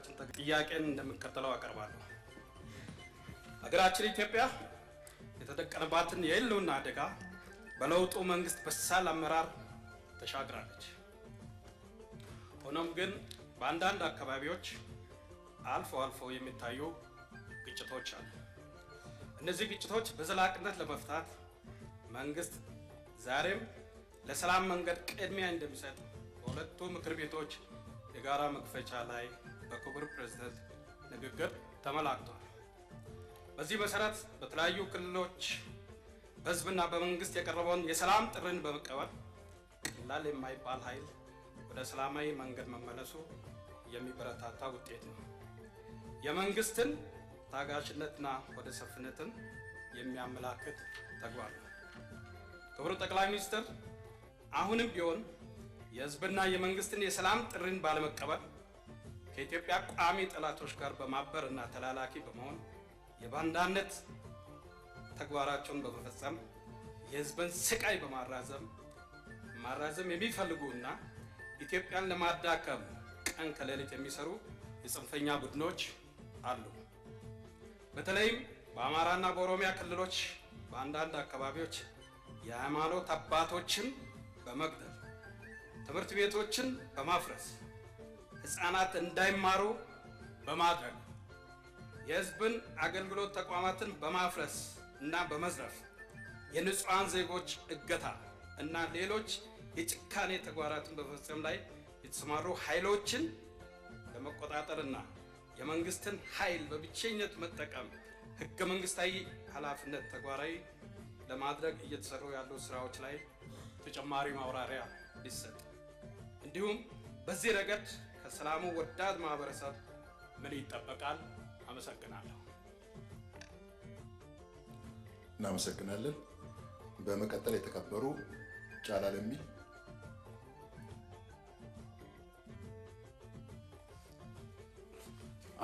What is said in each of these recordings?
ለውይይታችን ጥያቄን እንደሚከተለው አቀርባለሁ። ሀገራችን ኢትዮጵያ የተደቀነባትን የህልውና አደጋ በለውጡ መንግስት በሳል አመራር ተሻግራለች። ሆኖም ግን በአንዳንድ አካባቢዎች አልፎ አልፎ የሚታዩ ግጭቶች አሉ። እነዚህ ግጭቶች በዘላቂነት ለመፍታት መንግስት ዛሬም ለሰላም መንገድ ቅድሚያ እንደሚሰጥ በሁለቱ ምክር ቤቶች የጋራ መክፈቻ ላይ በክቡር ፕሬዝደንት ንግግር ተመላክቷል። በዚህ መሰረት በተለያዩ ክልሎች በህዝብና በመንግስት የቀረበውን የሰላም ጥሪን በመቀበል ቀላል የማይባል ኃይል ወደ ሰላማዊ መንገድ መመለሱ የሚበረታታ ውጤት ነው። የመንግስትን ታጋሽነትና ወደ ሰፍነትን የሚያመላክት ተግባር ነው። ክቡር ጠቅላይ ሚኒስትር አሁንም ቢሆን የህዝብና የመንግስትን የሰላም ጥሪን ባለመቀበል ከኢትዮጵያ ቋሚ ጠላቶች ጋር በማበር እና ተላላኪ በመሆን የባንዳነት ተግባራቸውን በመፈጸም የህዝብን ስቃይ በማራዘም ማራዘም እና ኢትዮጵያን ለማዳከም ቀን ከሌሊት የሚሰሩ የጽንፈኛ ቡድኖች አሉ። በተለይም በአማራና በኦሮሚያ ክልሎች በአንዳንድ አካባቢዎች የሃይማኖት አባቶችን በመግደል ትምህርት ቤቶችን በማፍረስ ህፃናት እንዳይማሩ በማድረግ የህዝብን አገልግሎት ተቋማትን በማፍረስ እና በመዝረፍ የንጹሐን ዜጎች እገታ እና ሌሎች የጭካኔ ተግባራትን በመፈጸም ላይ የተሰማሩ ኃይሎችን ለመቆጣጠርና የመንግስትን ኃይል በብቸኝነት መጠቀም ህገ መንግስታዊ ኃላፊነት ተግባራዊ ለማድረግ እየተሰሩ ያሉ ስራዎች ላይ ተጨማሪ ማብራሪያ ሊሰጥ እንዲሁም በዚህ ረገድ ከሰላሙ ወዳድ ማህበረሰብ ምን ይጠበቃል? አመሰግናለሁ። እናመሰግናለን። በመቀጠል የተከበሩ ጫላ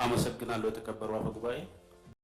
አመሰግናለሁ። የተከበሩ አፈ ጉባኤ